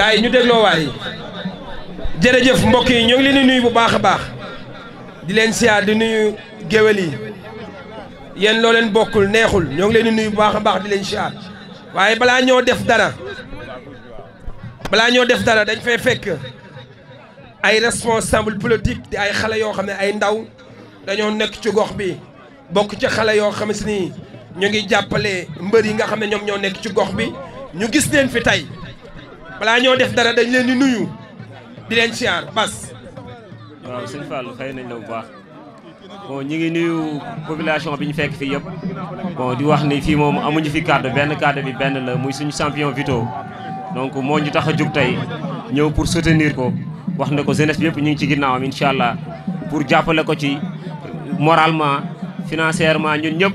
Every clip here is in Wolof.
gars yi ñu dégloo waay jërëjëf mbokk yi ñoo ngi leen di nuyu bu baax a baax di leen siyaar di nuyu géwél yi yéen loo leen bokkul neexul ñoo ngi leen di nuyu bu baax a baax di leen siyaar waaye balaa ñoo def dara balaa ñoo def dara dañ fay fekk ay responsable politique di ay xale yoo xam ne ay ndaw dañoo nekk ci gox bi bokk ci xale yoo xam si ni ñu ngi jàppale mbër yi nga xam ne ñoom ñoo nekk ci gox bi ñu gis leen fi tey balaa ñoo def dara dañ leen di nuyu di leen siyaar bas. waaw sëñ Fallou xëy nañ la bu baax bon ñu ngi nuyu population bi ñu fekk fii yëpp bon di wax ni fii moom amuñu fi cadre benn cadre bi benn la muy suñu champion Vito donc moo ñu tax a jug tey ñëw pour soutenir ko wax na ko jeunesse bi yëpp ñu ngi ci ginnaawam incha allah pour jàppale ko ci moralement financièrement ñun ñëpp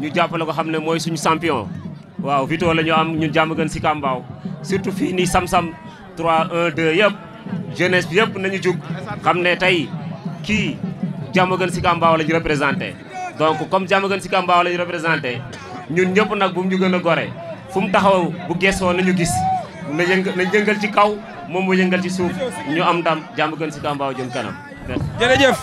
ñu jàppale ko xam ne mooy suñu champion. waaw Vito la am ñun jàmm gën si Kambaaw surtout fii nii sam-sam 3 1 2 yëpp jeunesse bi yëpp nañu jug xam ne tey kii jàmm gën si Kambaaw la ñu représenté. donc comme jàmm gën si Kambaaw la représenté ñun ñëpp nag bu mu ñu gën gore fu mu taxaw bu gëstoo nañu gis na yëngal na yëngal ci kaw moom mu yëngal ci suuf ñu am ndam jàmm gën si Kambaaw jëm kanam. jërëjëf.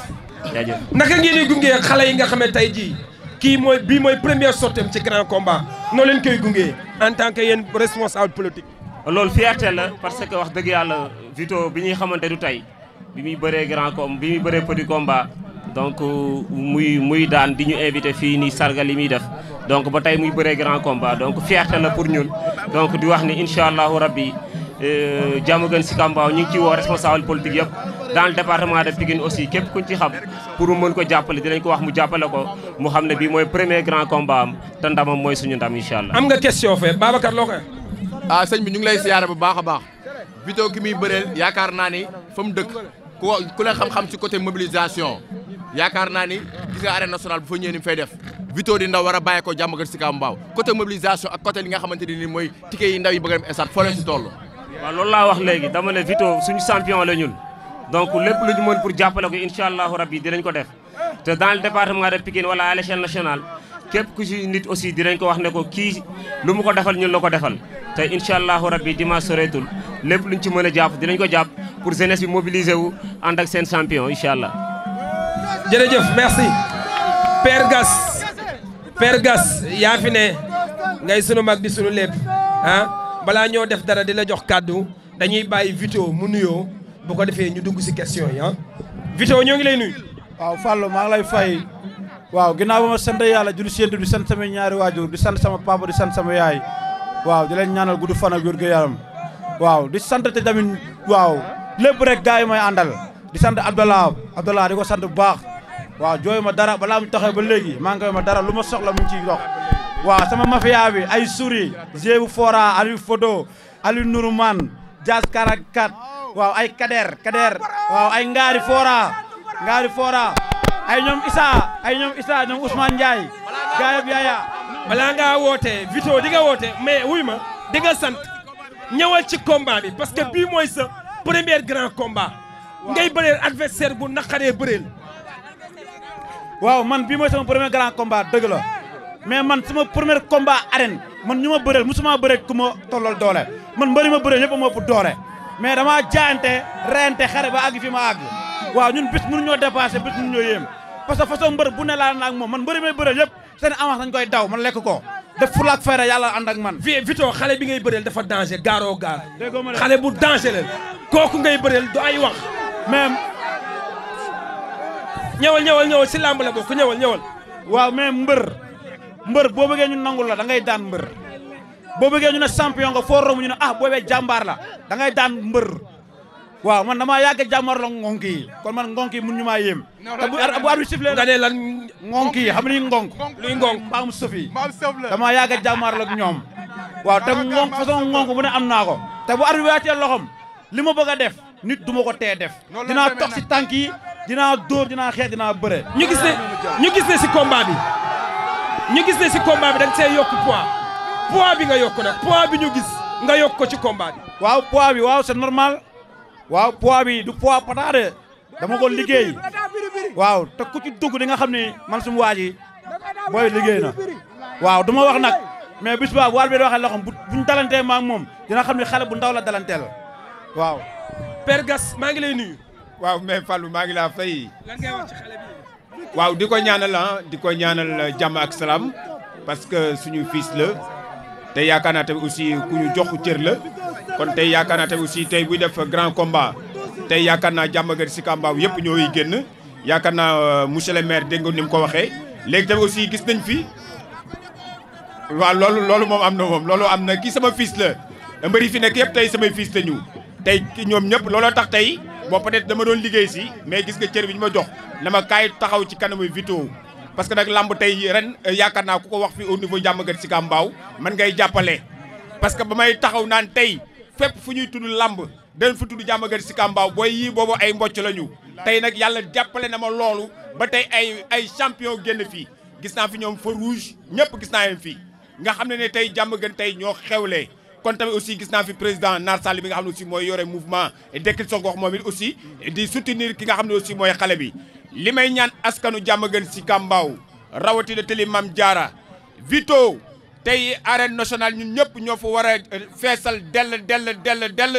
jërëjëf naka ngeen di gunge xale yi nga xam ne tey jii. kii mooy bii mooy première sortie ci grand combat noo leen koy gungee en tant que yéen responsable politique. loolu fierté la parce que wax dëgg yàlla Vito bi ñuy xamante du tey bi muy bëree grand combat bi muy bëree petit combat. donc muy muy daan di ñu invité fii nii sargal yi muy def donc ba tey muy bëree grand combat donc fierté la pour ñun donc di wax ni incha allahu rabbi euh, jam gën si Kambaaw ñu ngi ciy woo responsable politique yëpp. dans le département de Pikine aussi képp kuñ ci xam pour mu mën ko jàppale dinañ ko wax mu jàppale ko mu xam ne bii mooy premier grand combat am te mooy suñu ndam incha allah. am nga question fee Babacar loo koy. ah sëñ bi ñu ngi lay siyaare bu baax a baax. Vito ki muy bëreel yaakaar naa ni fa mu dëkk ku ku la xam-xam si côté mobilisation yaakaar naa ni gis nga arène bu fa ñëwee ni fay def. Vito di ndaw war a bàyyi ko jàmm gën si kaw mbaaw côté mobilisation li nga xamante ne nii mooy ticket yi ndaw yi loolu laa wax léegi dama ne Vito suñu donc lépp lu ñu mën pour jàppale ko incha allahu rabbi dinañ ko def te dans le département de Pikine wala à l'échelle nationale képp ku ci nit aussi dinañ ko wax ne ko kii lu mu ko defal ñun la ko defal te inca incha allahu rabbi dimanche soreetul lépp lu ñu ci mën a jàpp dinañ ko jàpp pour jeunesse bi mobiliser wu ànd ak seen champion incha allah. jërëjëf merci Père Gas Père Gas yaa fi ne ngay sunu mag di sunu lépp ah balaa ñoo def dara di la jox kàddu dañuy bàyyi Vito mu nuyoo. bu ko defee ñu dugg si question yi ah. Vito ñoo ngi lay nuyu. waaw Fallou maa ngi lay fay waaw ginnaaw ba ma sant yàlla julli séentu di sant sama ñaari waajur di sant sama papa di sant sama yaay waaw di leen ñaanal gudd fan ak waaw di sant te tamit waaw lépp rek gars yi di sant Abdallah Abdallah di ko sant bu baax waaw jooyu ma dara balaa mu taxee ba léegi maa ngi koy ma dara lu ma soxla mu ciy dox waaw sama mafia bi ay suri Zébu Fora Aliou Fodo waaw ay Kader Kader waaw ay Ngari Fora Ngari foora ay ñoom Issa ay ñoom Issa ñoom Ousmane Ndiaye gaayab yaaya balaa woote Vito di nga woote mais wuy ma di sant ñëwal ci combat bi parce que bii mooy sa premier grand combat ngay bëreel adversaire bu naqaree bëreel waaw man bii mooy sama premier grand combat dëgg la mais man sama premier combat arène man ñu ma bëreel musuma bëreel ku ma tollal doole man mbëri ma bëreel ñëpp moo ëpp mais damaa jaante reyante xare ba àgg fi ma àgg waaw ñun bis mënu ñoo dépassé bis mënu ñoo yéem parce que façon mbër bu ne laa na ak moom man mbëri may bëreel yëpp seen avance koy daw man lekk ko def fulaak fayra yàlla ànd ak man vi Vito xale bi ngay bëreel dafa danger gaaroo gaar xale bu danger leen kooku ngay bëreel du ay wax même ñëwal ñëwal ñëwal si làmb la bokk ñëwal ñëwal waaw mais mbër mbër boo bëggee ñun nangul la da ngay daan mbër boo bëggee ñu ne champion nga foo ñu ne ah boobee jàmbaar la dangay ngay daan mbër waaw man damaa yàgg jàmbaar la ngonk yi kon man ngonk yi mun ñu maa yéem te bu ar bi siflee nga ne lan ngonk yi xam ni ngonk luy ngonk mbaam sëf yi damaa yàgg jàmbaar la ñoom waaw te ngonk façon bu ne am naa ko te bu ar bi waatee loxom li ma bëgg a def nit duma ma ko tee def dinaa toog si tànk yi dinaa dóor dinaa xeex dinaa bëre ñu gis ne ñu gis ne si combat bi ñu gis ne si combat bi da nga see yokku poids poids bi nga yokk nag poids bi ñu gis nga yokk ko ci combat bi. waaw poids bi waaw c'est normal waaw poids bi du poids pataade dama ko liggéey waaw te ku ci dugg di nga xam ni man sumu waa ji booy liggéey na waaw du ma wax nag mais bis baa bu wàll bi waxee loxoom bu buñ dalantee ma ak moom dina xam ne xale bu ndaw la dalanteel waaw. Père Gas maa ngi lay nuyu. waaw mais Fallou maa ngi laa fay. lan waaw di ko ñaanal ah di ko ñaanal euh, jàmm ak salaam parce que suñu fils la. tey yaakaar naa tamit aussi ku ñu jox cër la kon tey yaakaar naa tamit aussi tey buy def grand combat tey yaakaar naa jàmbagar si kàmbaaw yëpp ñooy génn yaakaar naa euh, monsieur le maire dégg ni mu ko waxee léegi tamit aussi gis nañ fi waaw loolu loolu moom am na moom loolu am na kii sama fils la mbëri fi nekk yëpp tey samay fils la ñu tey ñoom ñëpp looloo tax tey boo peut-être dama doon liggéey si mais gis nga cër bi ñu ma jox ma kaay taxaw ci kanamu Vito parce que nag làmb tey ren euh, yaakaar naa ku ko wax fi au jàmm jàmmgat si Kambaaw man ngay jàppale parce que ba may taxaw naan tey fépp fu ñuy tudd làmb dañ fa tudd jàmmgat si Kambaaw booy yii boobu ay mbocc lañu tey nag yàlla jàppale na ma loolu ba tey ay ay champion génn fii gis naa fi ñoom feu rouge ñëpp gis naa leen fii nga xam ne ne tey jàmm gën tey ñoo xewlee kon tamit aussi gis naa fi président Nar Sall bi nga xam ne aussi mooy yore mouvement Dekkil sa gox moom it aussi di soutenir ki nga xam ne aussi mooy xale bi li may ñaan askanu jàmm gën si kàmbaaw rawatina tëli Mam Diarra Vito tey arène nationale ñun ñëpp ñoo fa war a euh, feesal dell dell dell dell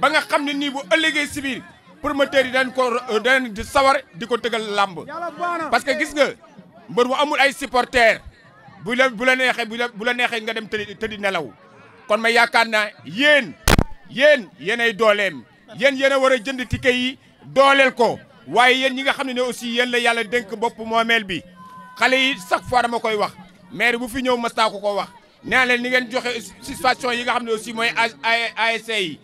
ba nga xam ne nii bu ëllëgee si biir promoteurs yi dañ ko euh, dañ di sawar di ko tëgal làmb parce que gis nga mbër mu amul ay supporters bu la bu la neexee bu la neexee nga dem tëdi tëdi nelaw kon ma yaakaar naa yéen yéen yéenay dooleem yéen yéen a war a jënd ticket yi dooleel ko waaye yéen ñi nga xam ne aussi yéen la yàlla dénk bopp moomeel bi xale yi chaque fois dama koy wax maire bu fi ñëw ma ko ko wax nee leen ni ngeen joxe situation yi nga xam ne aussi mooy ASC yi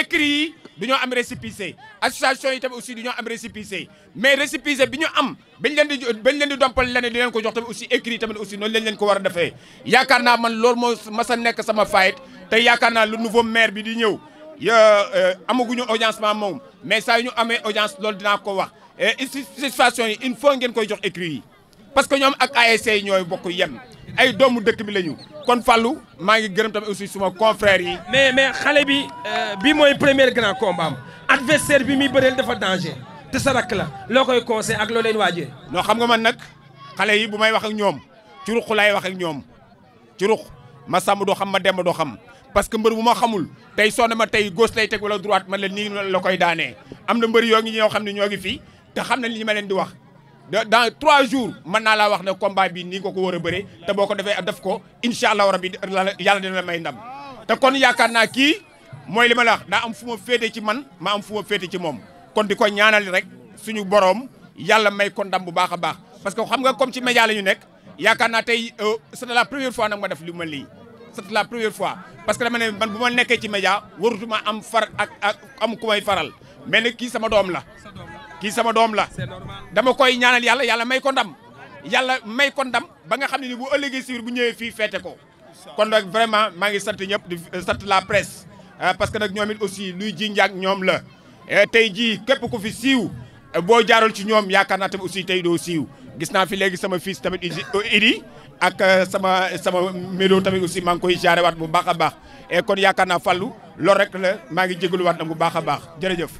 écrit yi du ñoo am récépissé association yi tamit aussi du ñoo am récépissé mais récépissé bi ñu am bañ leen di bañ leen di dompal leneen di leen ko jox tamit aussi écrit tamit aussi noonu lañ ko war a defee yaakaar naa man lool moo mas a nekk sama fayit te yaakaar naa le nouveau maire bi di ñëw euh, amaguñu audience ma moom mais saa ñu amee audience loolu dinaa ko wax et situation yi il faut ngeen koy jox écrit yi parce que ñoom ak ASC yi ñooy bokk yem ay doomu dëkk bi la ñu kon fallu maa ngi gërëm tamit aussi suma confrères yi. mais mais xale bi euh, bi mooy premier grand combat am bi muy bëreel dafa danger te sa rakk la loo koy conseil ak loo leen waajee. non xam nga man nag xale yi bu may wax ak ñoom ci ruq laay wax ak ñoom ci ruq ma sàmm doo xam ma dem doo xam parce que mbër bu ma xamul tey soo ma tey gauche lay teg wala droite man la nii la koy daanee am na mbër yoo ngi ñoo xam ne ñoo ngi fii te xam nañ li ma leen di wax. dans trois jours mën naa laa wax ne combat bi ni nga ko war a te boo ko defee def ko incha allah rabi yàlla dina la may ndam te kon yaakaar naa kii mooy li ma la wax daa am fu ma féete ci man ma am fu féete ci moom kon di ko ñaanali rek suñu boroom yàlla may ko ndam bu baax a baax parce que xam nga comme ci média la ñu nekk yaakaar naa tey euh, c'est la première fois nag ma def li ma lii c'est la première fois parce que dama ne man bu ma nekkee ci média warutuma am far ak am ku may faral mais nag kii sama doom la kii sama doom la dama koy ñaanal yàlla yàlla may ko dam yàlla may ko dam ba nga xam ne ni bu ëllëgee si bu ñëwee fii feete ko kon nag vraiment maa ngi sant ñëpp di euh, sant la presse euh, parce que nag ñoom it aussi luy ji ak ñoom la euh, tey ji képp ku fi siiw boo jaarul ci ñoom yaakaar naa tamit aussi tey doo siiw gis naa fi léegi sama fils tamit idi ak sama sama médo tamit aussi maa ngi koy jaare waat bu baax a baax kon yaakaar naa fàllu loolu rek la maa ngi jégaluwaat nag bu baax a baax jërëjëf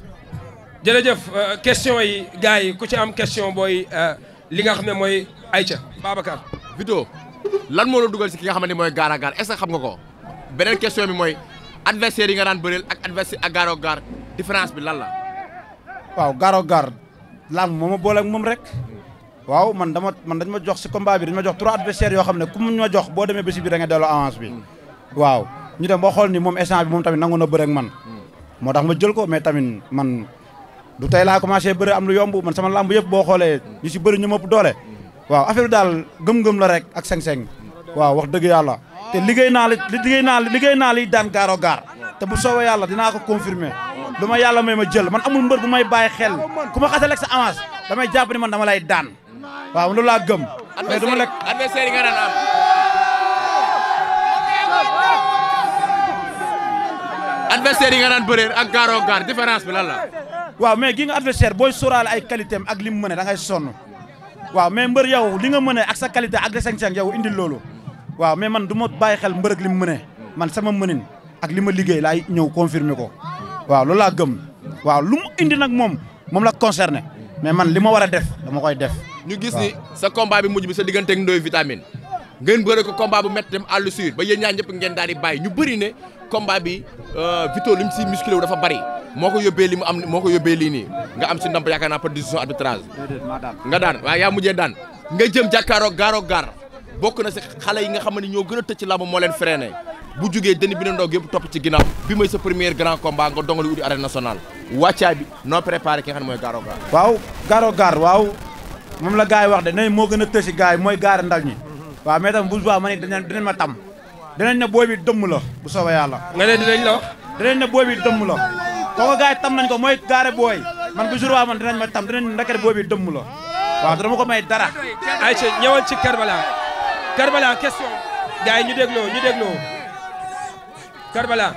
jërëjëf euh, question yi gars yi ku ci am question booy euh, li nga xam ne mooy ay Aïcha Babacar. Vito lan moo la dugal si ki nga xamante ni mooy gaar a xam nga ko beneen question bi mooy adversaire yi nga daan bëreel ak adversaire ak gaar gaar différence bi lan la. waaw gaar gaar lan moo ma boole ak moom rek. waaw man dama man dañ ma jox si combat bi dañ ma jox trois adversaires yoo xam ne ku mu ma jox boo demee bési bi da nga delloo avance bi. waaw ñu dem ba xool ni moom instant moom tamit nangu na bëre man. Hmm. moo tax ma jël ko mais tamit man. du tey laa commencé bëri am lu yomb man sama lamb yëpp boo xoolee ñu si bëri ñu mëpp doole waaw affaire bi daal gëm-gëm la rek ak seng waaw wax dëgg yàlla te liggéey naa li liggéey naa liggéey naa li daan gaaro gaar te bu soobee yàlla dinaa ko confirmer lu ma yàlla may ma jël man amul mbër bu may bàyyi xel ku ma xasee lekk sa avance damay jàpp ni man dama lay daan waaw loolu laa gëm mais dama lekk yi nga daan am adversaire yi nga daan ak gaaro gaar différence bi lan la waaw mais gi nga adversaire booy sóoraale ay qualité ak li mu mën da ngay sonn waaw mais mbër yow li nga mën ak sa qualité ak desenseng yow indil loolu waaw mais man du ma bàyyi xel mbër ak li mu mën man sama mënin ak li ma liggéey laay ñëw confirmer ko waaw loolu laa gëm waaw lu indi nag moom moom la concerné mais man li ma war a def dama koy def ñu gis ni sa combat bi mujj bi sa diggante ak ndoy vitamine ngeen bëre ko combat bu métti dem àll ba yéen ñaar ñëpp ngeen daal di bàyyi ñu bëri ne combat bi euh, Vito li mu si musculé dafa bari moo ko yóbbee li mu am moo ko yóbbee lii nii nga am si ndam yaakaar naa par décision arbitrage nga daan waaye yaa mujjee daan nga jëm jàkkaaroog gaaroog gaar bokk na si xale yi nga xam ne ñoo gën a tëj ci làmb moo leen freiné bu jugee deni bi na ndoog yëpp topp ci ginnaaw bi mooy sa premier grand combat nga dongali udi arène nationale wàccaay noo préparé nga xam mooy gaaroo gaar waaw gaaroo gaar waaw moom la gars yi wax de nañ moo gën a tëj gars yi mooy gaar ndal ñi waaw mais tam bu subaa ma ne d danañ ma tam danañ ne la bu soobee yàlla nga la wax danañ ne booy bi dëmm la kooku gars tam nañ ko mooy gaare booy man bu jour waa man dinañ ma tam dinañ ndekete booy bi dëmm la waaw dama ko may dara. Aïcha ñëwal ci Karbala Karbala question gars yi ñu dégloo ñu dégloo Karbala.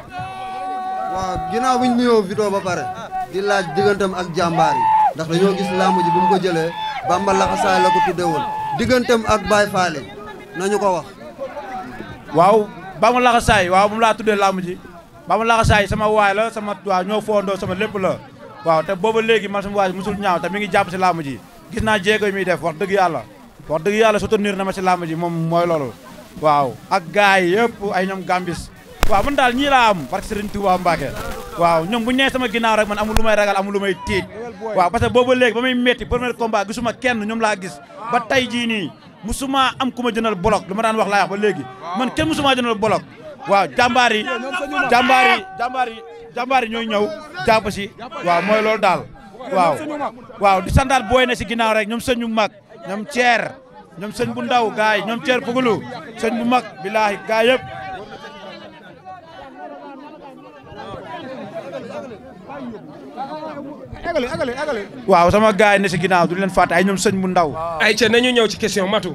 waaw ginnaaw bi ñu nuyoo vidéo ba pare di laaj ak jàmbaar yi ndax dañoo gis làmb ji bu mu ko jëlee Bamba laxasaay la ko tuddee woon diggantam ak Baye Fallé nañu ko wax. waaw Bamba laxasaay waaw moom laa tuddee làmb ji. Bamba Laxasaay sama waay la sama waaw ñoo foondoo sama lépp la waaw te booba léegi man sama waay musul ñaaw te mi ngi jàpp si làmb ji gis naa jéego yi muy def wax dëgg yàlla wax dëgg yàlla soutenir na ma si làmb ji moom mooy loolu waaw a gars yi yëpp ay ñoom gambis waaw man daal ñii laa am parce que Serigne Touba Mbacke waaw ñoom bu ñëwee sama ginnaaw rek man amul lu may ragal amul lu may tiit waaw parce que booba léegi ba muy metti premier combat gisuma kenn ñoom laa gis ba tey jii nii musuma am ku ma jënal bloc lu daan wax laa ba léegi man kenn musuma jënal bloc waaw jàmbaar yi jàmbaar yi jàmbaar yi jàmbaar yi ñooy ñëw jàpp si waaw mooy loolu daal waaw waaw di santaat booy ne si ginnaaw rek ñoom sëñ bu mag ñoom ceer ñoom sëñ bu ndaw gaay ñoom ceer pugulu sëñ bu mag bilaahi gaay yëpp waaw sama gaay ne si ginnaaw du leen fàtte ay ñoom sëñ bu ndaw ay ca nañu ñëw ci question matu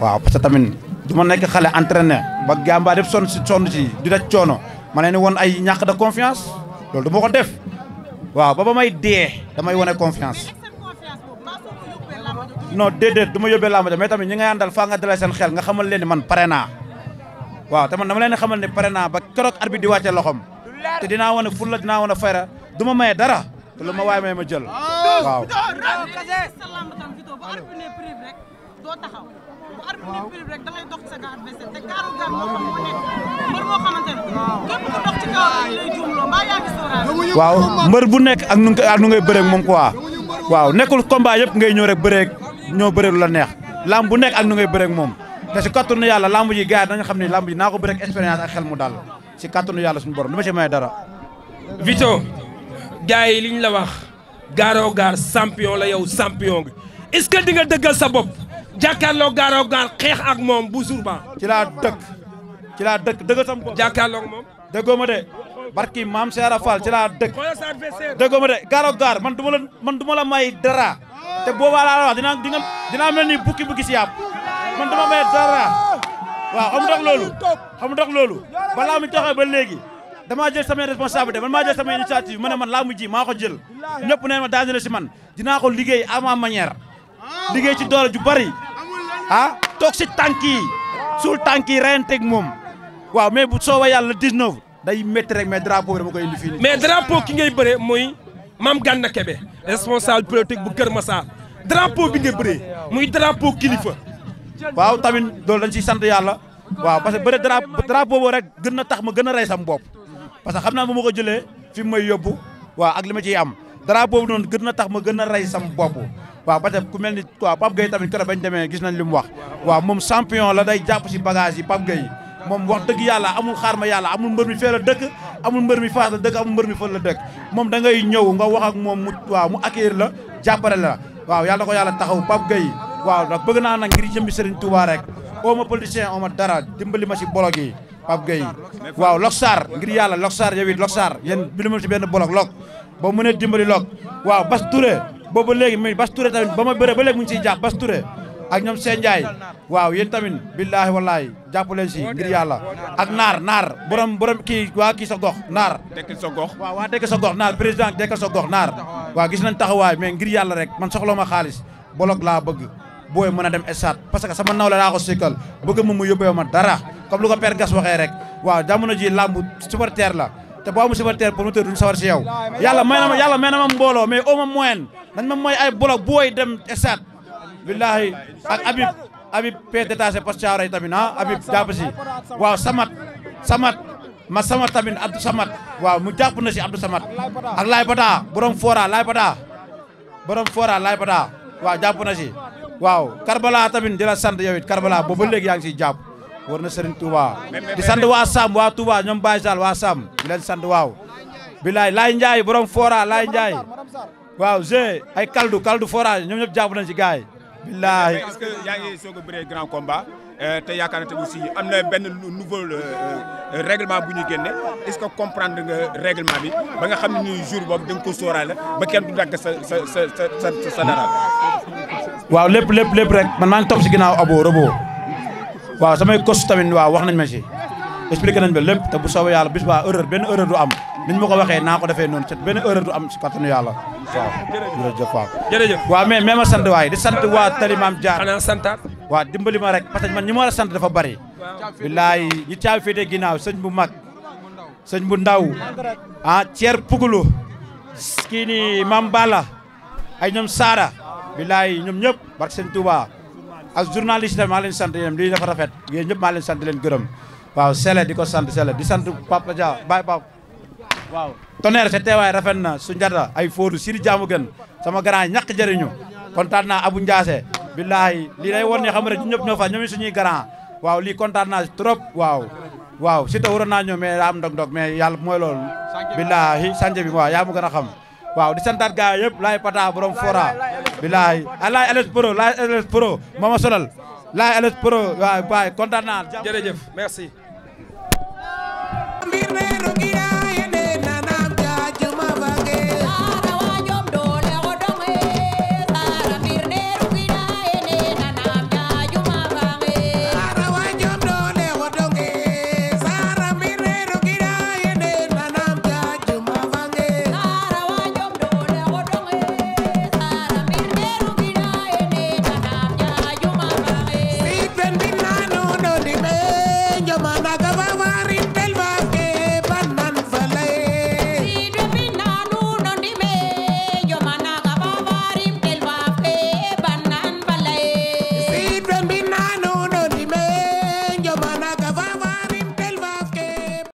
waaw parce que tamit du ma nekk xale entraîneur ba gàmbaay yëpp sonn si sonn si di daj coono ma leen ni woon ay ñàkk de confiance loolu du ma ko def waaw ba ba may dee damay wane confiance. non déedéet du ma yóbbee làmb ja mais tamit ñi ngay àndal fa nga dalal seen xel nga xamal leen man pare naa waaw te man dama leen xamal ne pare naa ba keroog arbitre di wàcce loxom te dinaa wane fulla dinaa wane fayra du ma maye dara te lu ma waaye may ma jël waaw. waaw mbër bu nekk ak nu ak nu ngay bëreeg moom quoi waaw nekkul combat yëpp ngay ñëw rek bëreeg ñoo bëreeg lu la neex lamb bu nekk ak nu ngay bëreeg moom te si kattanu yàlla lamb ji gars yi dañu xam ne lamb ji naa ko bëreeg expérience ak xel mu daal si kattanu yàlla suñu borom du ma si may dara Vito gars yi liñ la wax gaaroo gaar champion la yow champion gi est-ce que di nga dëggal sa bopp jàkkaarloog gaaroo gaar xeex ak moom bu jour ba ci laa dëkk ci laa dëkk dëgg sam bopp jàkkaarloog moom déggoo ma de maam Cheikh Rafal ci laa dëkk déggoo ma de gaaroo gaar man du la man du ma may dara te boobaa laa la wax dinaa dinga dinaa mel ni bukki bukki si yàpp man du ma may dara waaw xam ndax loolu xam ndax loolu balaa mu taxaw ba léegi damaa jël samay responsabilité man maa jël samay initiative ma ne man laa mu ji maa ko jël ñëpp ne ma daanele si man dinaa ko liggéey à ma manière liggéey ci doole ju bari ah toog si tànk yi suul tànk yi reyanteeg moom waaw mais bu sooba yàlla 19 day métti rek mais drapeau dama koy indi fii mais drapeau ki ngay bëree mooy Mame Gana Kébé responsable politique bu Kër Massar drapeau bi nga bëree muy drapeau kilifa. waaw tamit loolu dañ ciy sant yàlla waaw parce que bëre drapeau boobu rek gën na tax ma gën a rey sam bopp parce que xam naa bu ma ko jëlee fi mu may yóbbu waaw ak li ma ciy am drapeau boobu noonu gën na tax ma gën a rey sam bopp waaw ba tey ku mel ni waaw Pape Gueye tamit keroog bañ demee gis nañ li mu wax waaw moom champion la day jàpp si bagage yi Pape Gueye moom wax dëgg yàlla amul xaar ma yàlla amul mbër mi fee la dëkk amul mbër mi faas la dëkk amul mbër mi fël la dëkk moom da ngay ñëw nga wax ak moom mu waaw mu accueillir la jàppale la waaw yàlla ko yàlla taxaw Pape Gueye waaw ndax bëgg naa nag ngir jëmbi Serigne Touba rek oo ma politicien oo ma dara dimbali ma si bolog yi Pape Gueye waaw Loxsaar ngir yàlla Loxsaar yow it Loxsaar yéen bi lu ma si benn bolog log ba mu ne dimbali log waaw boobu léegi mais Bas Touré tamit ba ma bëre ba léegi mu ngi ciy jàpp Bas Touré ak ñoom seen Ndiaye waaw yen tamit billaahi wallaahi jàpp leen si ngir yàlla ak naar naar borom borom kii waa kii sa gox naar dekkal sa gox waaw waa dekkal sa gox naar président dekkal sa gox naar waaw gis nañ taxawaay mais ngir yàlla rek man soxla ma xaalis bolog laa bëgg booy mën a dem estat parce que sama nawle laa ko sikkal bëgg mu mu yóbbee ma dara comme lu ko père gas waxee rek waa jamono ji làmb teer la te boo amul supporter promoteur duñu sawar si yow yàlla ma yàlla may na ma mbooloo mais au moyen dañ ma mooy ay bloc booy dem stade billahi ak Habib Habib pe détaché parce que caaray tamit ah Habib si waaw samat samat ma samat tamit Abdou Samat waaw mu jàpp na si Abdou Samat ak Laay Bata borom Fora Laay Bata borom Fora Laay Bata waaw jàpp na si waaw Karbala tamit di la sant yow it Karbala boobu ba léegi yaa ngi siy jàpp war na Serigne Touba di sant waa Sam waa Touba ñoom Baye waa Sam di leen waaw. bilaay Laye Ndiaye borom Fora Laye Ndiaye waaw G ay kaldu kaldu Fora ñoom ñëpp jàpp nañ ci gars yi. bilaay est-ce que yaa ngi soog a bëree grand combat euh, te yaakaar na te aussi am na benn nouveau euh, euh, règlement bu ñu génne est-ce que comprendre nga règlement bi ba nga xam ne nii jour boobu da nga ko sóoraale ba kenn du dagg sa sa sa sa sa dara. waaw lépp lépp lépp rek man maa ngi topp si ginnaaw abo robo. waaw samay coach tamit waaw wax nañ ma si expliqué nañ ba lépp te bu soobee yàlla bis ba erreur benn erreur du am niñ ma ko waxee naa ko defee noonu te benn erreur du am si kattanu yàlla waaw jërëjëf waaw jërëjëf mais mais ma sant waaye di sant waa tali maam Jaar xanaa santaat waaw dimbali ma rek parce que man ñi ma war a sant dafa bari billaay ñi caabi féetee ginnaaw sëñ bu mag sëñ bu ndaw ah Thier Pugulu kii ni maam Balla ay ñoom Saara billaay ñoom ñëpp barke sëñ Touba ak journaliste yi maa leen sant yéen lii dafa rafet yéen ñëpp maa sant leen gërëm waaw Sele di ko sant Sele di sant Papa Dia Baye Pap waaw tonnerre sa teewaay rafet na su njata ay fóotu siri jaamu gën sama grand ñàkk jëriñu kontaan naa Abu Ndiaase billaahi lii day won ne xam rek ñëpp ñoo fa ñoom suñuy grand waaw lii kontaan naa trop waaw waaw si ta naa ñëw mais daa am ndog-ndog mais yàlla mooy loolu billaahi sànje bi waaw yaa mu gën a xam waaw di santaat gaa yëpp laay pata borom fora bilaay a laay LS Pro laay LS Pro mama solal laay LS Pro waaw baay kontaan naa jërëjëf merci